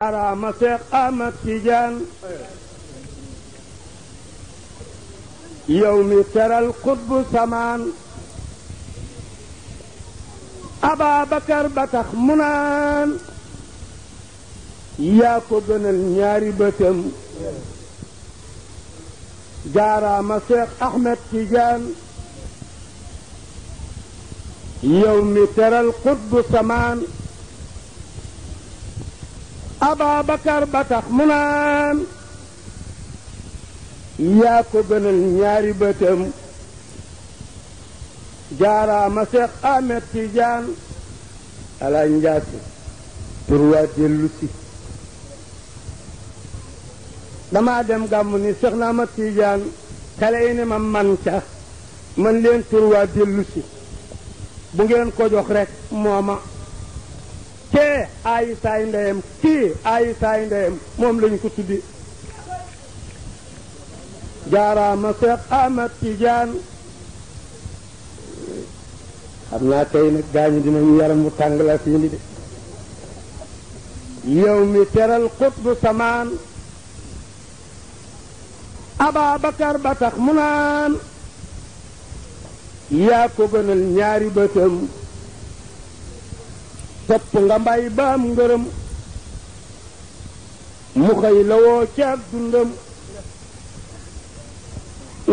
araama seex ahmad tijaan yow ñaari bëtam jaaraama seex ahmed tijaan yow mi teral xutbu samaan Ababakar ba tax mu naan yaa ko gënal ñaari bëtam jaaraama Seex Ahmed Tijaan ala njaase pour waa dellu dem gàmm ni Seex na Ahmed Tijaan kale yi ne ma man ca man leen pour waa bu ngeen ko jox rekk mooma kee aayi saay ndeyam kii aayi saay ndeyam moom lañ ko tuddi jaaraama Seex Ahmad Tijaan xam naa tey nag gaañu dinañu yaram bu tàng la fii de yow mi teral xutbu samaan Ababakar ba tax mu naan yaa ko gënal ñaari bëtam topp nga mbay baam ngërëm mu xëy lawoo caag dundam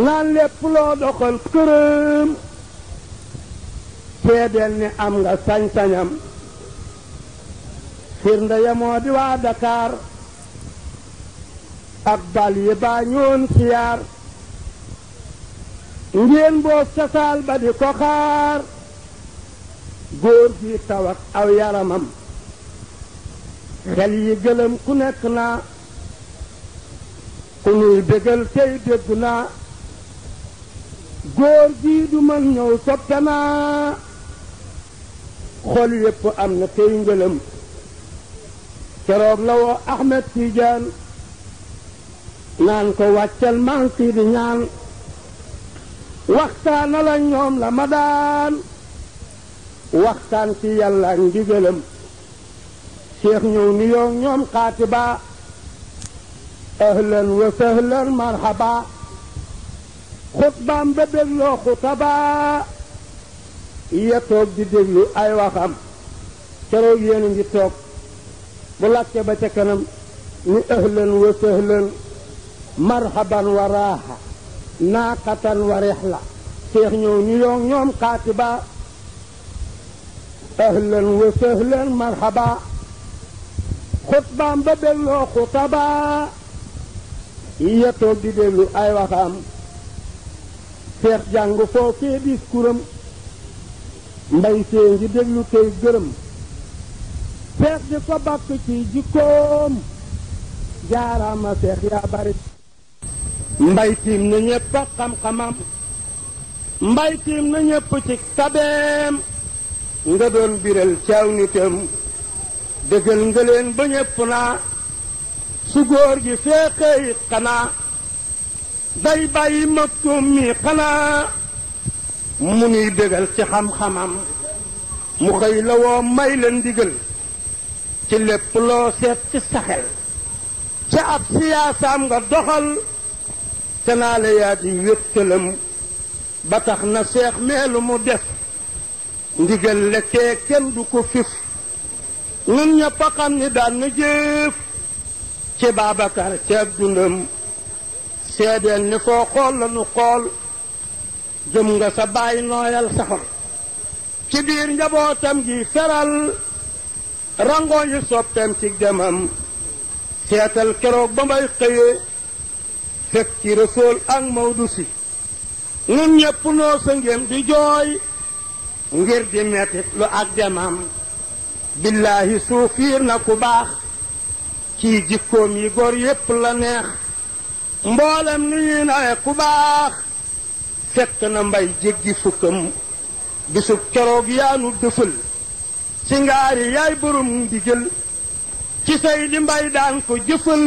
naan lépp loo doxal këram seedeel ni am nga sañ-sañam firnde ya di waa Dakar ak bal yi baa ñoon siyaar ngeen boob sasaal ba di ko xaar góor gi tawat aw yaramam xel yi gëlëm ku nekk naa ku nuy bégal tey dégg naa góor gi du ñëw soppe naa xol yépp am na tey ngëlëm keroog la woo Ahmed Tidiane naan ko wàccal man si di ñaan waxtaana ñoom la ma daan waxtaan ci yàlla ak ndigalam cheikh ñëw ni yow ñoom xaatiba ahlan wa sahlan marhaba xutbaam ba dégloo xutaba ya toog di déglu ay waxam keroog yéen a ngi toog bu làkkee ba ca kanam ni ahlan wa sahlan wa raaxa naaqatan wa rexla cheikh ñëw ni ñoom xaatiba ahlan wa sahlan marhaba xutbaam ba delloo xutaba ya toog di déglu ay waxaam seex jàng foofee diskuram mbay seen ngi déglu tey gërëm seex di ko bàkk ci jikkoom jaaraama seex yaa bari mbay tiim na ñépp xam-xamam mbay tiim na ñépp ci tabeem nga doon biral caaw nitam dëggal nga leen ba ñëpp naa su góor gi feexey xanaa day bàyyi makkum mi xanaa mu nuy dëggal ci xam-xamam la woo may la ndigal ci loo seet ci saxel ca ab siyaasaam nga doxal te naa la yaa di wéttalam ba tax na seex meelu mu def ndigal la kee kenn du ko fif ñun ñëpp a xam ni daan na jëf ci Babacar ci ab dundam seedeel ni foo xool la xool jëm nga sa bàyyi nooyal saxal ci biir njabootam gi feral rangoo yi soppeem ci demam seetal keroog ba may xëyee fekk ci Rasuul ak Maodo si ñun ñëpp noo sa ngéem di jooy ngir di mettit lu ak demam billaahi suufiir na ku baax kii jikkoom yi góor yépp la neex mboolem ni ñuy nawe ku baax fekk na mbay jéggi fukkam bisub keroog yaanu dëfal ci ngaari yaay borom di jël ci say li mbay daan ko jëfal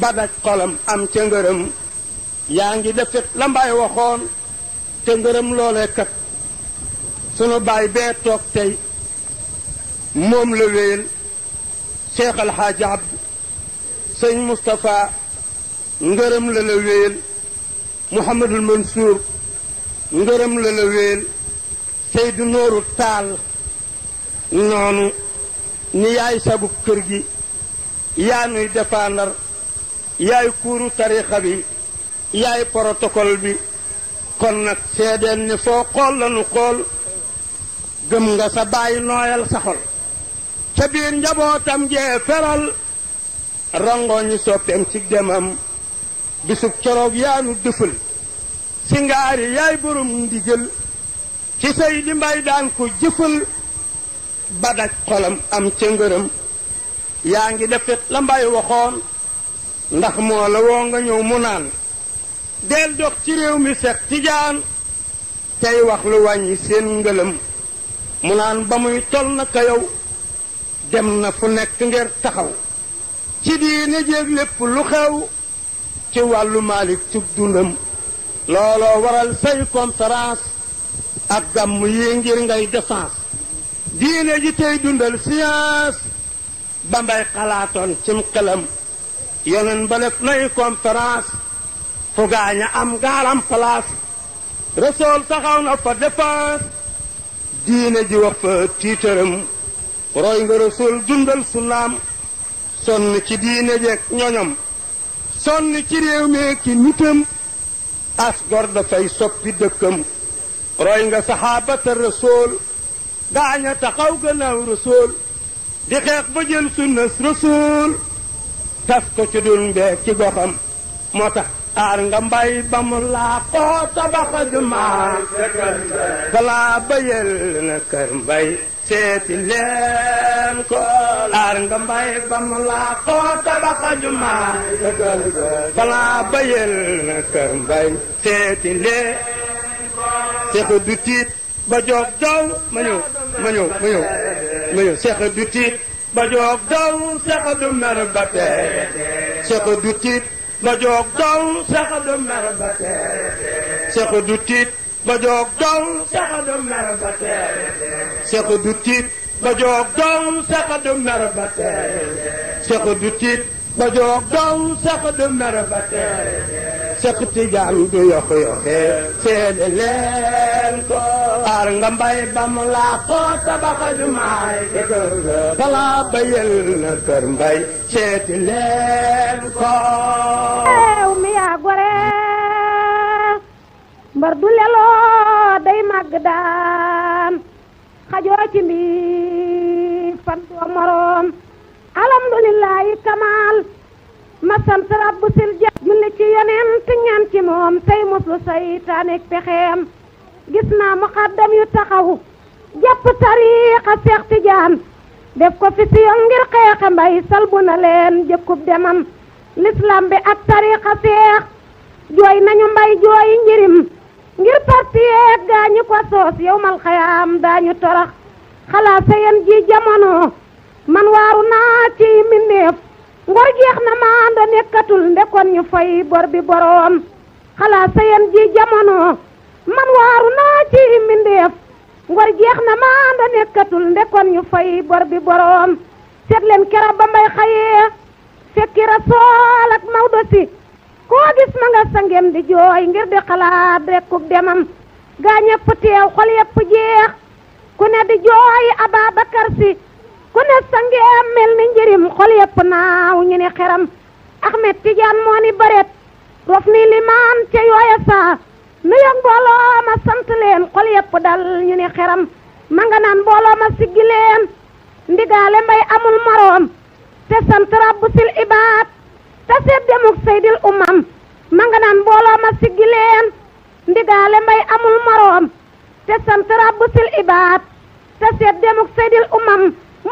ba daj xolam am ca ngërëm yaa ngi defit la mbay waxoon te ngërëm loolee kat sunu baay bee toog tey moom la wéyal Cheikh El Hadj Abdou sëñ ngërëm la la wéyal Mouhamadul Mansour ngërëm la la wéyal Seydou Nooru Taal noonu ni yaay sabu kër gi yaa nuy defaandar yaay kuuru tarixa bi yaay protocole bi kon nag seedeen ni foo xool lanu kool gëm nga sa baay nooyal sa xol ca biir njabootam jee feral rongoñu soppeem ci demam bisub coroog yaanu dëfal si ngaari yaay borom ndigal ci say di mbay daan ko jëfal ba daj xolam am ca ngërëm yaa ngi defit la mbay waxoon ndax moo la woo nga ñëw mu naan del dox ci réew mi fekk tijaan tey wax lu wàññi seen ngëlëm mu naan ba muy toll na ka dem na fu nekk ngir taxaw ci diine jéeg lépp lu xew ci wàllu Malick ci dundam looloo waral say conférence ak gàmm yi ngir ngay défense diine ji tey dundal science ba mbay xalaatoon cim xelam yeneen ba def nay conférence fu gaañ am gaaram place resool taxaw na fa défense diine ji wax fa tiitaram roy nga rasul dundal sunnaam sonn ci diine jeeg ñoñom sonn ci réew mee ki nitam as gor dafay soppi dëkkam roy nga saxaabata rasul gaaña taxaw gannaaw rasul di xeex ba jël sunnas rasul tas ko ci dul mbee ci goxam moo tax aar nga mbay ba mu laaxoo tabaxa jumaa balaa bayal na kër mbay seeti leen ko aar nga ba mu laaxoo tabaxa jumaa balaa bayal na kër mbay seeti leen seex du tiit ba joog daw ma ñëw ma ñëw ma ñëw ma du tiit ba joog daw seex du mer ba tey seex du tiit ma joog dong saxa du mer ba teere saxa du tiit ma joog dong saxa du mer ba teere saxa du tiit ma joog dong saxa du mer ba teere saxa du tiit ma joog dong saxa du mer ba teere saxa tijaan du yox yoxe seede leen ko ar nga mbay ba mu laa ko tabaxa jumaay te kër ga balaa ba yël na kër mbay seeti leen ko gor du leloo day màgg daam xajoo ci mbi fan doo moroom alhamdulillahi kamaal ma sant rabbu sil ci yeneen te ci moom tey muslu saytaaneek pexeem gis naa muqaddam yu taxawu jàpp tariixa Seex Tijaan def ko fi siyon ngir xeexe mbay salbu na leen jëkkub demam l'islam bi ak tariixa seex jooy nañu mbay jooyi njirim ngir parti yeeg gaañu ko soos yow mal xayaam daañu torax xalaat sa yen ji jamono man waaru naa ci mindeef ngor jeex na maanda nekkatul ndekon ñu fay bor bi boroom xalaat sa yen ji jamono man waaru naa ci mindeef ngor jeex na maanda nekkatul ndekon ñu fay bor bi boroom seet kera ba mbay xayee fekki rasool ak Maodo koo gis ma nga sangem di jooy ngir di xalaat rek demam gaa ñëpp teew xol yëpp jeex ku ne di jooy Ababacar Si ku ne sangem mel ni njërim xol yëpp naaw ñu ni xeram Ahmed Tidiane moo ni bëret rof ni limaan ca yooya saa nu yog mbooloo ma sant leen xol yëpp dal ñu ni xeram ma nga naan mbooloo ma siggi leen ndigaale mbay amul moroom te sant rabbu sil ibaat te seet demuk seydil umam ma nga naan mbooloo ma siggi leen ndigaale mbay amul moroom te sant rabbu sil ibaat te seet demuk seydil umam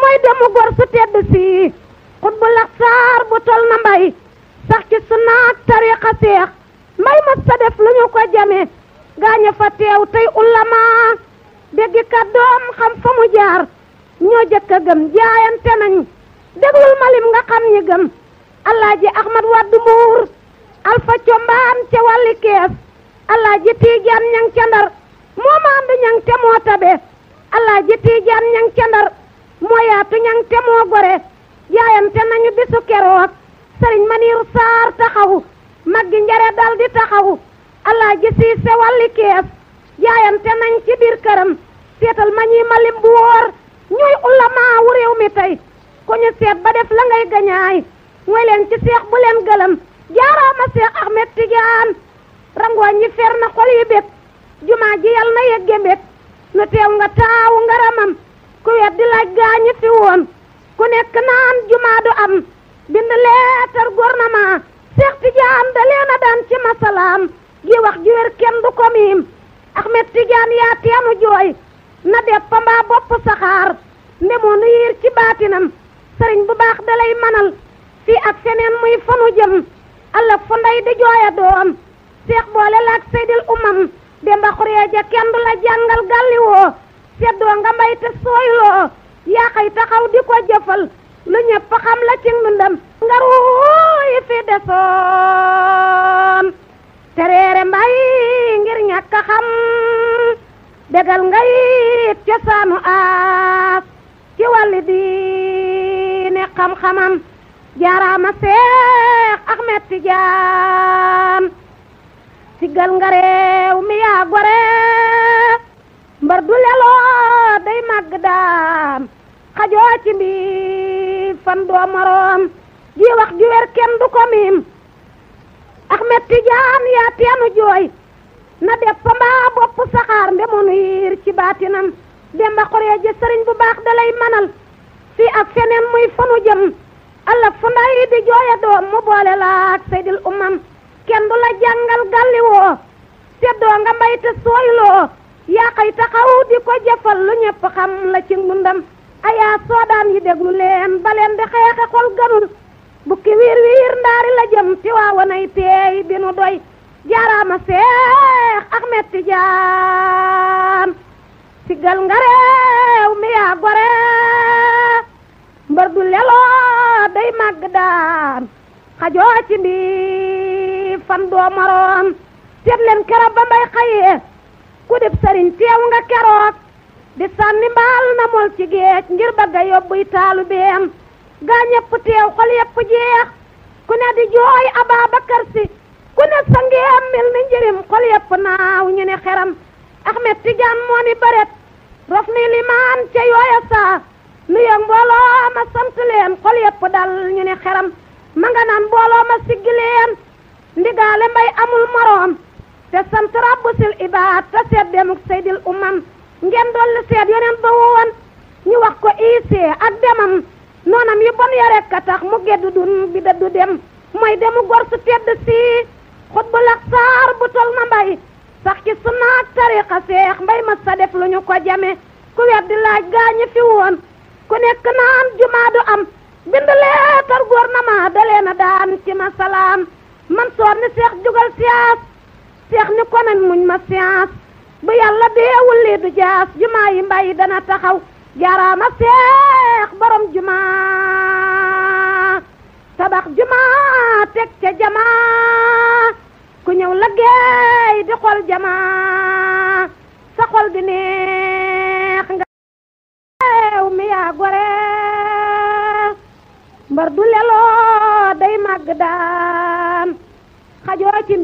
mooy demu gor su tedd sii xut bu laxsaar bu tol na mbay sax ci sunnaak tariqa seex mbay mas sa def lu ñu ko jame gaañe fa teew tey ulama déggi kàddoom xam fa mu jaar ñoo jëkk a gëm jaayante nañ déglul malim nga xam ñi gëm alaaji ahmad waddu mbuur alfa combaan ca wàlli kees alaaji tiijaan ñang ca ndar moo ma ànd ñang te moo tabe alaaji tiijaan ñang ca ndar moo yaatu ñang te moo gore jaayante nañu bisu keroog sëriñ maniiru saar taxawu maggi njare dal di taxawu alaaji siise wàlli kees jaayante nañ ci biir këram seetal ma ñuy malim bu wóor ñuy ulamaa wu réew mi tey ku ñu seet ba def la ngay gañaay woy leen ci seex bu leen gëlëm jaaraama seex Ahmed Tidiane rangooñ yi fer na xol yi bég jumaa ji yal na yegge bég nu teew nga taawu ngaramam ku wet di laaj gaañi fi woon ku nekk naan jumaa du am bind leetar gouvernement seex Tidiane da leen a daan ci masalaam gi wax ju wér kenn du ko miim Ahmed Tidiane yaa teenu jooy na deppa mbaa bopp saxaar ndemoonu yiir ci baatinam sëriñ bu baax dalay manal fii ak feneen muy fanu jëm allah fu ndey di jooya doom seex boole laak seydil umam demba xuree ja kenn du la jàngal gàlliwoo seddoo nga mbay te sooyloo yaa xay taxaw di ko jëfal lu ñëpp xam la ci ndundam nga ruuy fi desoon tereere mbay ngir ñàkk a xam degal nga yit cosaanu aas ci wàlli diine xam-xamam jaaraama Seex Ahmed Tijaan siggal nga réew mi yaa gore mbar du leloo day màgg daam xajoo ci mbi fan doo moroom ji wax ju wér kenn du ko miim Ahmed Tijaan yaa teenu jooy na deppa mbaa bopp saxaar ndemonu yiir ci baatinam demba xoree sëriñ bu baax dalay manal fii ak feneen muy fanu jëm allah fu nday di jooya doom mu boole la ak seydil umam kenn du la jàngal gàlliwoo teddoo nga mbay te sooyloo yaa xëy taxaw di ko jëfal lu ñëpp xam la ci ngundam ayaa soodaan yi déglu leen ba leen di gënul bukki wiir wiir ndaari la jëm ci waawanay teey bi nu doy jaaraama seex Ahmed Tijaan si gal nga mi yaa gore mbër du leloo way daan xajoo ci mbi fan doo maroon seet keroog ba mbay xayee ku dib sëriñ teew nga keroog di sànni mbaal na mol ci géej ngir bëgg a yóbbuy taalu beem gaa teew xol yëpp jeex ku ne di jooy Ababakar Si ku ne sa ngeem ni njërim xol yëpp naaw ñu xeram Ahmed Tidiane moo ni bëret rof ni limaan ca yooya saa nu yëg mbooloo ma sant leen xol yëpp dal ñu ne xeram ma nga naan mbooloo ma siggi leen ndigaale mbay amul moroom te sant rabbu sil te seet demuk seydil umam ngeen dolli seet yeneen ba woon ñu wax ko iisee ak demam noonam yi bon ya rekk tax mu geddu dun bi dëddu dem mooy demu gor su tedd sii xut bu lak bu tol ma mbay sax ci sunna ak mbay ma sa def lu ñu ko jame ku wet laaj gaañi fi woon ku nekk naan jumaa du am bind leetar gouvernement da leen a daan ci ma salaam man soor ni seex jugal siyaas seex ni konen muñ ma siyaas bu yàlla deewul lii du jaas jumaa yi mbay dana taxaw jaaraama seex borom jumaa tabax jumaa teg ca jamaa ku ñëw la géey di xool jamaa sa xol di ne yaa gore mbar du leloo day màgg daan xajoo ci